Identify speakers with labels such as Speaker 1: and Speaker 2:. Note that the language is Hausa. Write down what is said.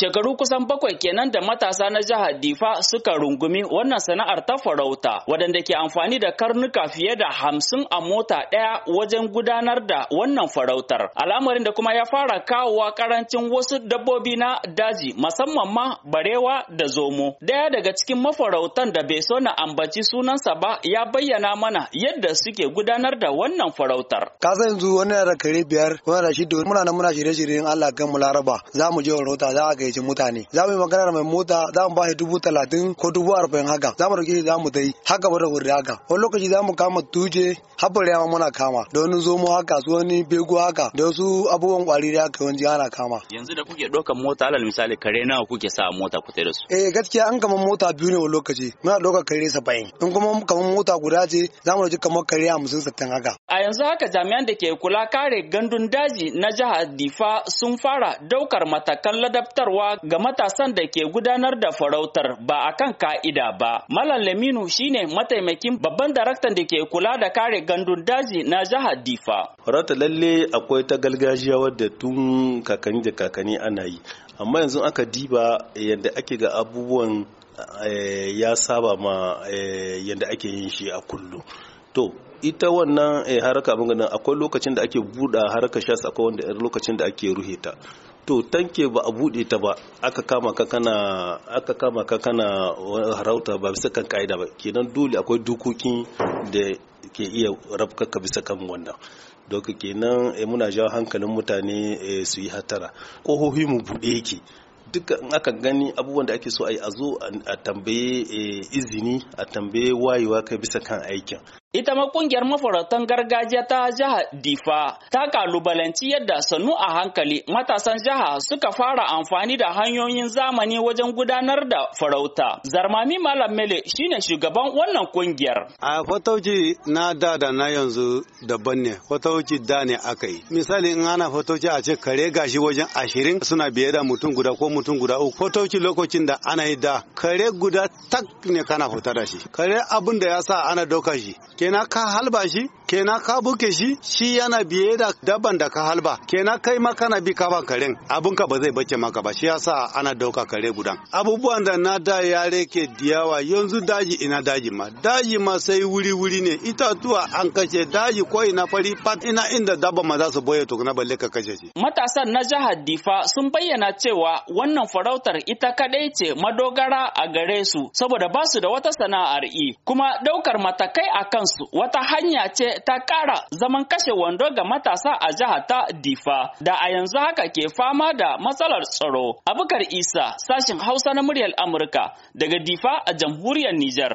Speaker 1: Shekaru kusan bakwai kenan da matasa na jihar Difa suka rungumi wannan sana'ar ta farauta, waɗanda ke amfani da karnuka fiye da hamsin a mota ɗaya wajen gudanar da wannan farautar. Al'amarin da kuma ya fara kawowa karancin wasu dabbobi na daji musamman ma barewa da zomo. Ɗaya daga cikin mafarautan da bai so na ambaci sunansa ba ya bayyana mana yadda suke gudanar da wannan farautar.
Speaker 2: Ka san yanzu wani da kare biyar, wani da shida, muna nan muna shirye-shiryen Allah kan mu Laraba, za mu je rota za a ce mutane za mu yi magana mai mota za mu ba shi dubu talatin ko dubu arba'in haka za mu roƙe za mu dai haka ba da wuri haka wani lokaci za mu kama tuje haɓar yawa muna kama da wani zomo haka su wani bego haka da wasu abubuwan kwari da haka wani ana kama.
Speaker 1: yanzu da kuke ɗaukar mota alal misali kare nawa kuke sa mota ku da su.
Speaker 2: eh gaskiya an kama mota biyu ne wani lokaci muna ɗaukar kare saba'in in kuma kama mota guda ce za mu ɗauki kamar kare hamsin sittin haka.
Speaker 1: a yanzu haka jami'an da ke kula kare gandun daji na jihar difa sun fara ɗaukar matakan ladabtarwa sanarwa ga matasan da ke gudanar da farautar ba a kan ka'ida ba. Malam Laminu shine mataimakin babban daraktan da ke kula da kare gandun daji na jihar Difa. Farauta
Speaker 3: lalle akwai ta gargajiya wadda tun kakanni da kakanni ana yi. Amma yanzu aka diba eh, yadda ake ga abubuwan eh, ya saba ma eh, yadda ake yin shi a kullum. to ita wannan harka abin akwai lokacin da ake buɗa haraka shas akwai wanda lokacin da ake ruhe ta to tanke ba a bude ta ba aka kama ka kana aka kama ka kana uh, harauta ba bisa kan ka'ida ba kenan dole akwai dukokin da ke iya rabka ka bisa kan wannan don kenan eh, muna jawo hankalin mutane eh, su yi hatara kohohi mu bude yake duka in aka gani abubuwan da ake so a yi a zo a tambaye eh, izini a tambaye
Speaker 1: wayewa kai bisa kan aikin Ita ma kungiyar mafarautan gargajiya ta jihar Difa ta kalubalanci yadda sannu a hankali matasan jiha suka fara amfani da hanyoyin zamani wajen gudanar da farauta. Zarmami Malam Mele shine shugaban wannan kungiyar.
Speaker 4: A fatauci na da da na yanzu daban ne, fatauci da ne aka yi. Misali in ana fatauci a ce kare gashi wajen ashirin suna biye da mutum guda ko mutum guda uku. Fatauci lokacin da ana yi da kare guda tak ne kana fita da shi. Kare abin da ya sa ana doka shi. kenan ka halba shi kenan ka buke shi shi yana biye da daban da ka halba kena kai ma kana bi ban karen abun ka ba zai bace maka ba shi yasa ana dauka kare gudan abubuwan da na da yare ke diyawa yanzu daji ina daji ma daji ma sai wuri wuri ne itatuwa an kashe daji ko ina fari pat ina inda daban ma za su boye na balle ka kashe shi
Speaker 1: matasan na jihar Difa sun bayyana cewa wannan farautar ita kadai ce madogara a gare su saboda ba su da wata sana'ar yi kuma daukar matakai a kansu wata hanya ce ta kara zaman kashe wando ga matasa a jihar ta Difa da a yanzu haka ke fama da matsalar tsaro. Abukar Isa sashin Hausa na muryar Amurka daga Difa a jamhuriyar Nijar.